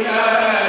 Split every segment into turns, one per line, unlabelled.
إله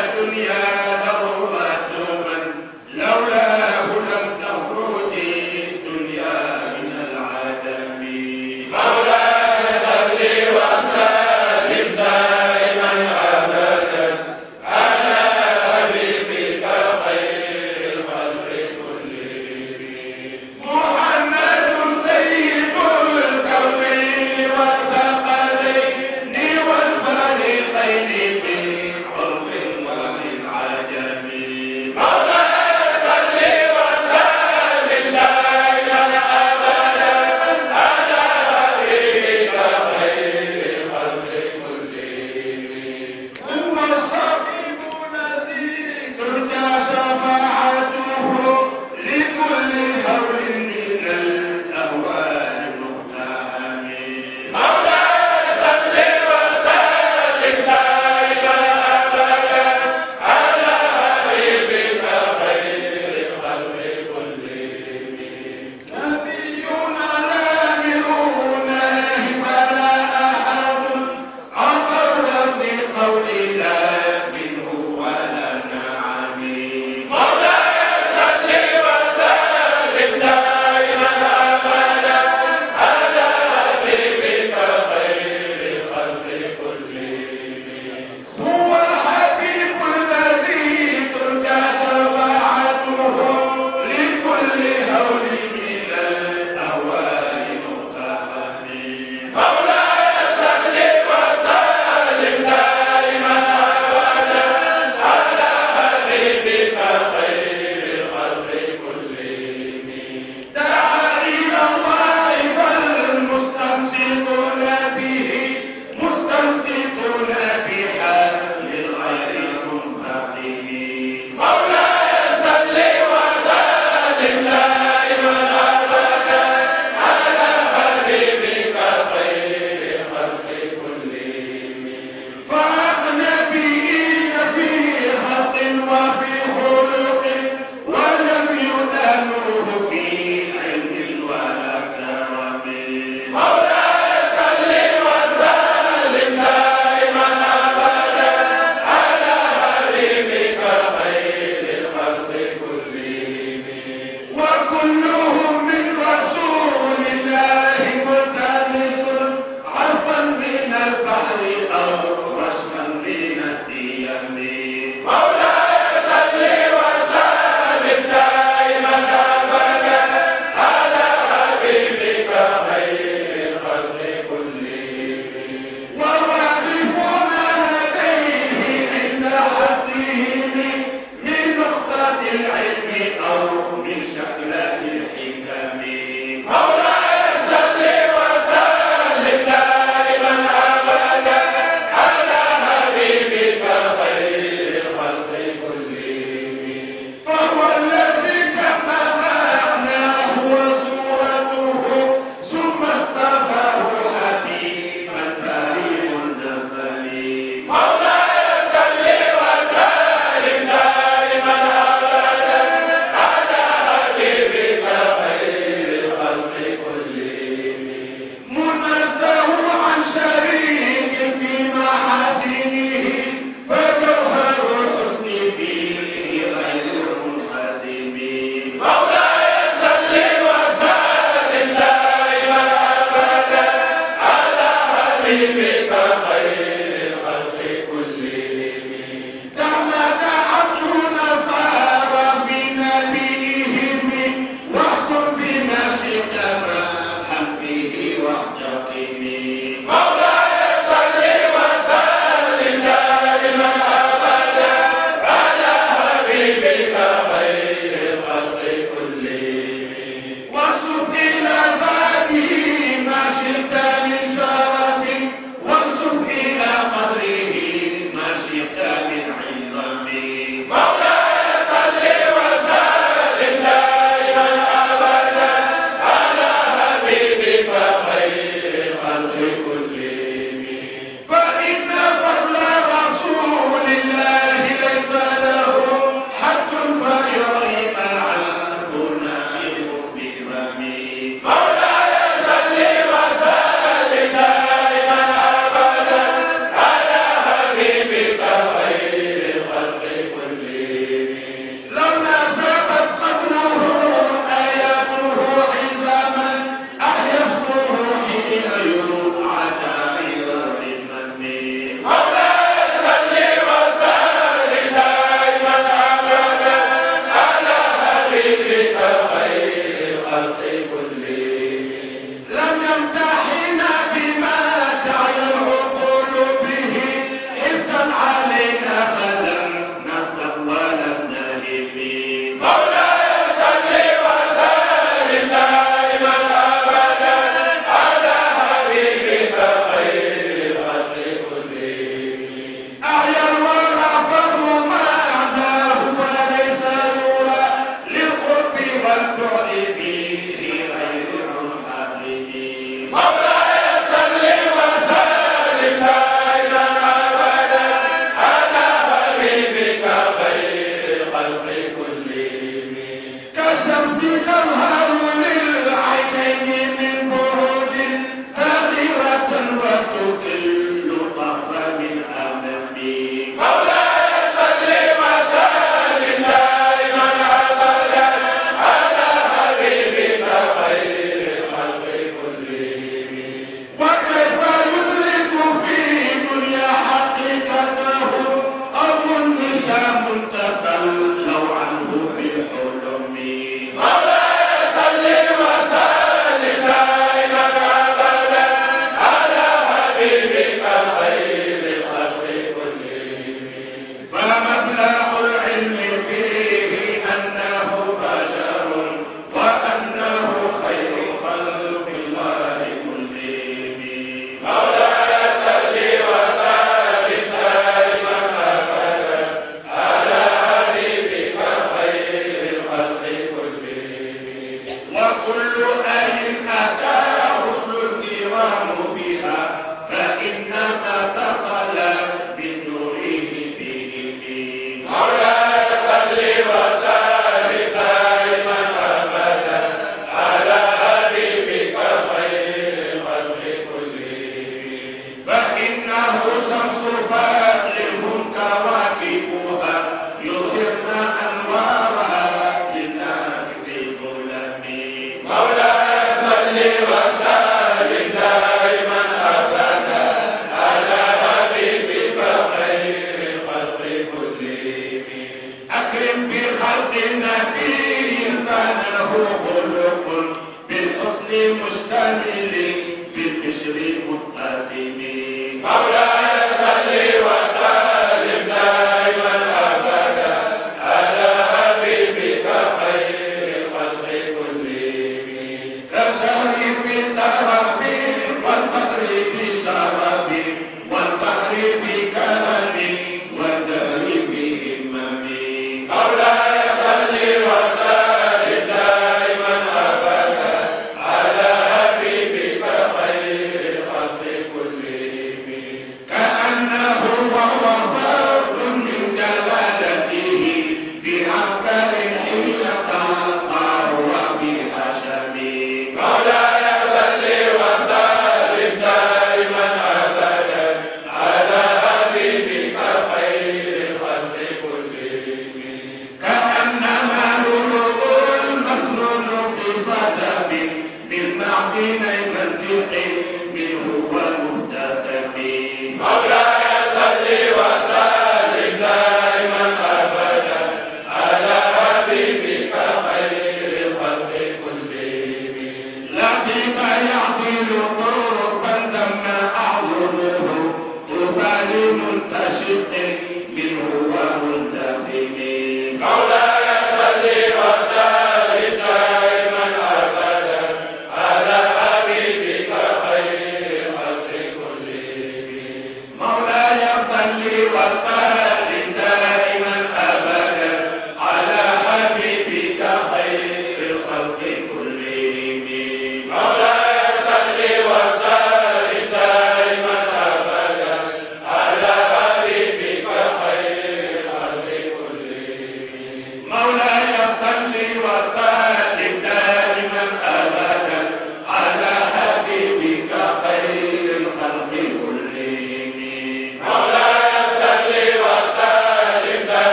أكرم بخلق نبي فله خلق بالحسن مشتمل بالبشر منقسم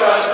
wa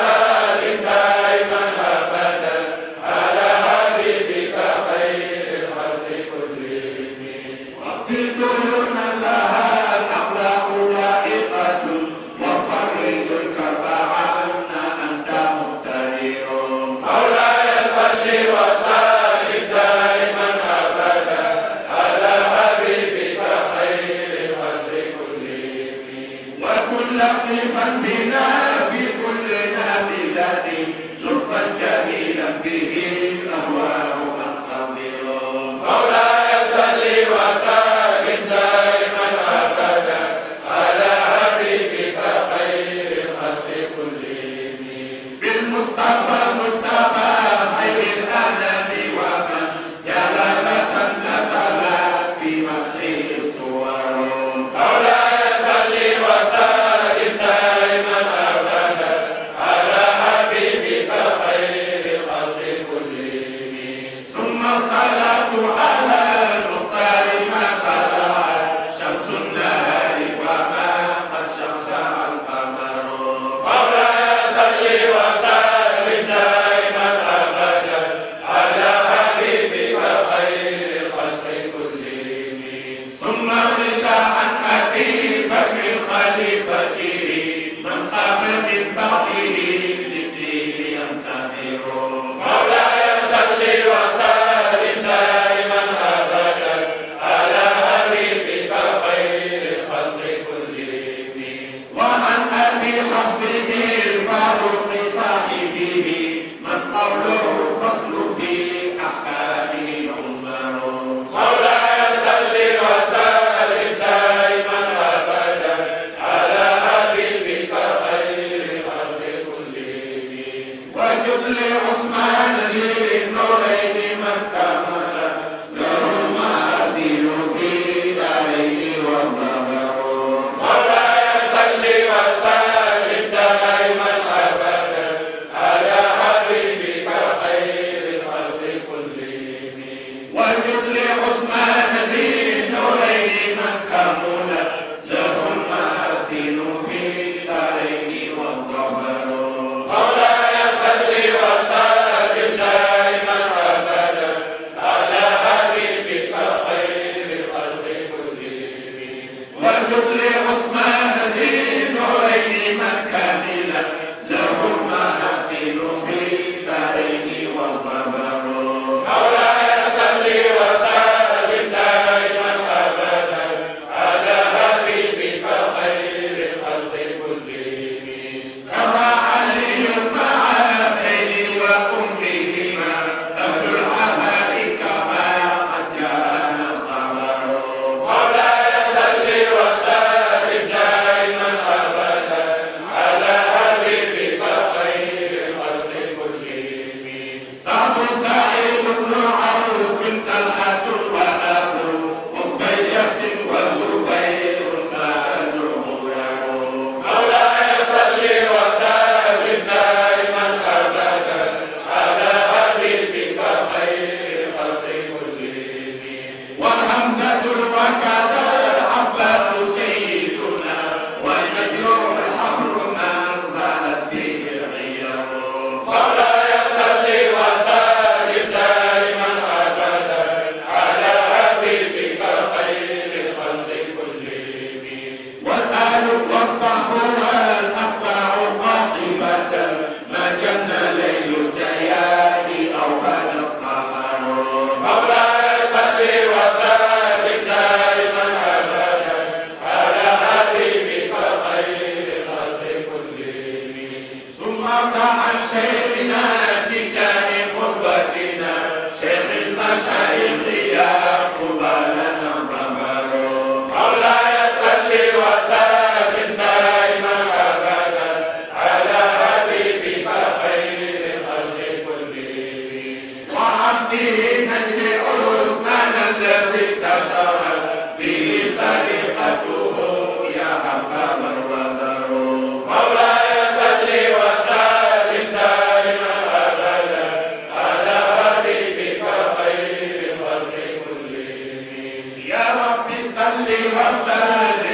وسلم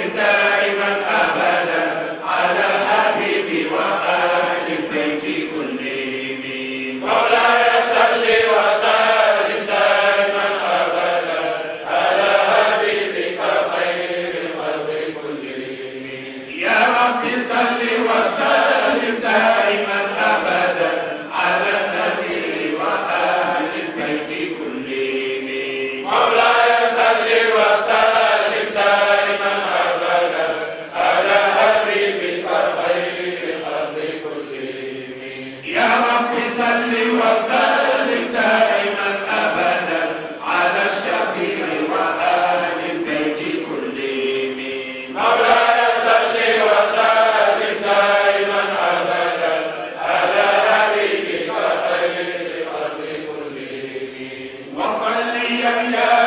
yaa